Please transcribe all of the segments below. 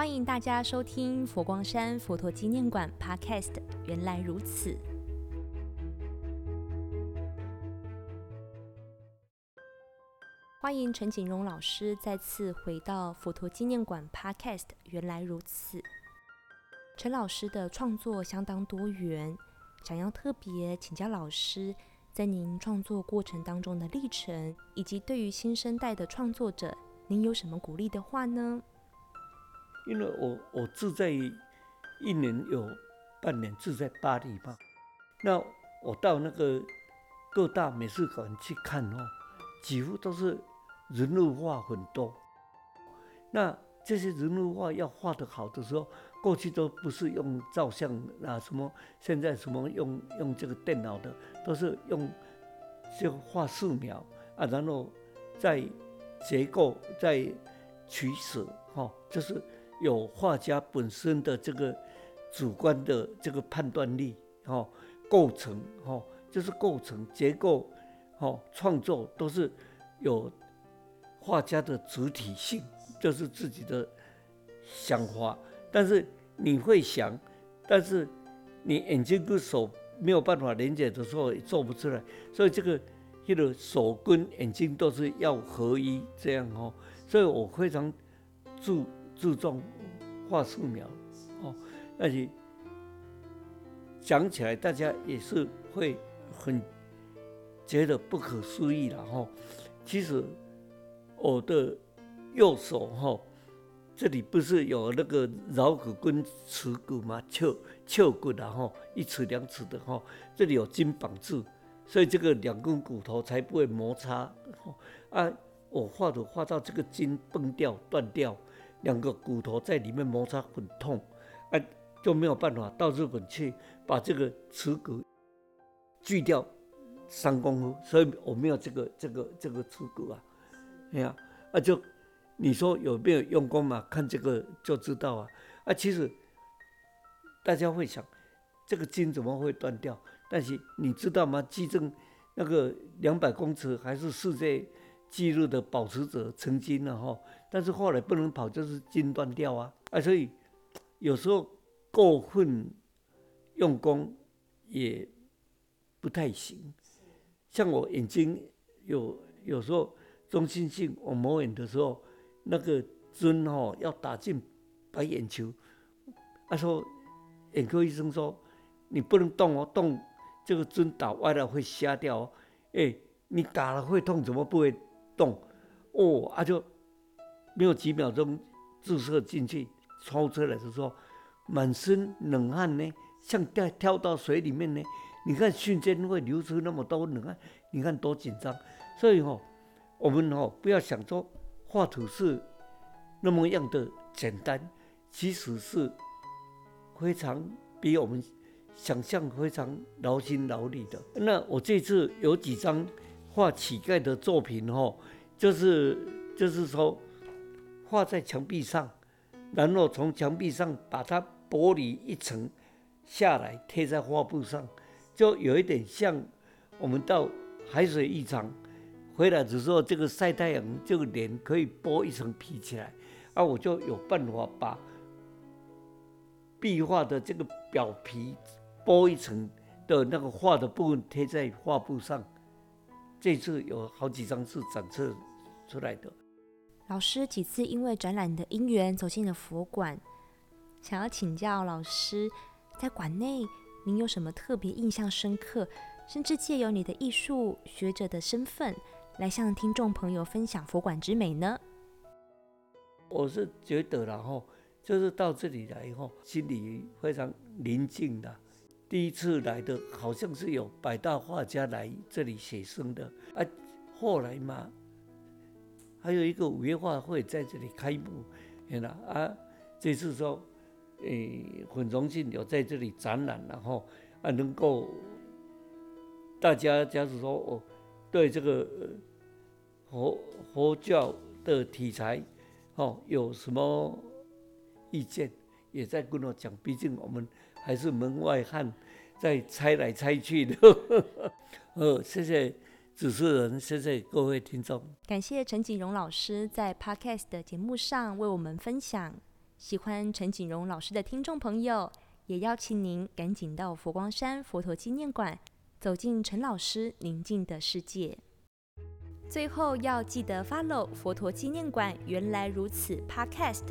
歡迎大家收聽佛光山佛陀紀念館 Podcast《原來如此》。歡迎陳景容老師再次回到佛陀紀念館 Podcast《原來如此》。陳老師的創作相當多元，想要特別請教老師，在您創作過程當中的歷程，以及對於新生代的創作者，您有什麼鼓勵的話呢？因為我我住在一年有半年住在巴黎嘛，那我到那個各大美術館去看哦、喔，幾乎都是人物畫很多。那這些人物畫要畫的好的時候，過去都不是用照相啊什麼，現在什麼用用這個電腦的，都是用就畫素描啊，然後再結構再取捨哦，就是。有畫家本身的這個主觀的這個判斷力，哦，構成，哦，就是構成結構，哦，創作都是有畫家的主體性，就是自己的想法。但是你會想，但是你眼睛跟手沒有辦法連接的時候，也做不出來。所以這個，這個手跟眼睛都是要合一，這樣哦。所以我非常注意。注重畫素描，哦，而且講起來，大家也是會很覺得不可思議的哈。其實我的右手哈，這裡不是有那個桡骨跟尺骨嘛？翹翹骨，然後一尺兩尺的哈，這裡有筋綁住，所以這個兩根骨頭才不會摩擦。啊，我畫的畫到這個筋崩掉斷掉。兩個骨頭在裡面摩擦很痛，啊，就沒有辦法到日本去把這個恥骨鋸掉，三公分，所以我沒有這個這個這個恥骨啊，哎呀，那就你說有沒有用功嘛？看這個就知道啊，啊，其實大家會想，這個筋怎麼會斷掉？但是你知道嗎？紀政那個兩百公尺還是世界紀錄的保持者，曾經呢哈。但是後來不能跑，就是筋斷掉啊！啊，所以有時候過分用功也不太行。像我眼睛有有時候中心性網膜炎的時候，那個針哦要打進白眼球，啊。他說眼科醫生說你不能動哦，動這個針打歪了會瞎掉哦。哎，你打了會痛，怎麼不會動？哦，啊，他就。沒有幾秒鐘注射進去，抽出來的時候滿身冷汗呢，像掉跳到水裡面呢。你看瞬間會流出那麼多冷汗，你看多緊張。所以哦，我們哦，不要想說畫圖是那麼樣的簡單，其實是非常比我們想象，非常勞心勞力的。那我這次有幾張畫乞丐的作品哦，就是就是說。畫在牆壁上，然後從牆壁上把它剝離一層下來，貼在畫布上，就有一點像我們到海水浴場回來的時候，這個曬太陽，這個臉可以剝一層皮起來。啊，我就有辦法把壁畫的這個表皮剝一層的那個畫的部分貼在畫布上。這次有好幾張是展示出來的。老師幾次因為展覽的因緣走進了佛館，想要請教老師，在館內您有什麼特別印象深刻，甚至借由你的藝術學者的身份來向聽眾朋友分享佛館之美呢？我是覺得，然後就是到這裡來以後，心裡非常寧靜的。第一次來的好像是有百大畫家來這裡寫生的，啊，後來嘛。還有一個五月畫會在這裡開幕，嗯啊，這次說，誒，很榮幸有在這裡展覽了哈，啊，能夠，大家假使說我對這個佛佛教的題材，哦，有什麼意見，也在跟我講，畢竟我們還是門外漢，在猜來猜去的，哦，謝謝。主持人，謝謝各位聽眾。感謝陳景容老師在 Podcast 的節目上為我們分享。喜歡陳景容老師的聽眾朋友，也邀請您趕緊到佛光山佛陀紀念館，走進陳老師寧靜的世界。最後要記得 Follow 佛陀紀念館原來如此 Podcast，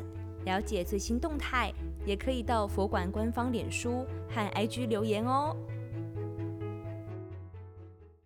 了解最新動態，也可以到佛館官方臉書和 IG 留言哦。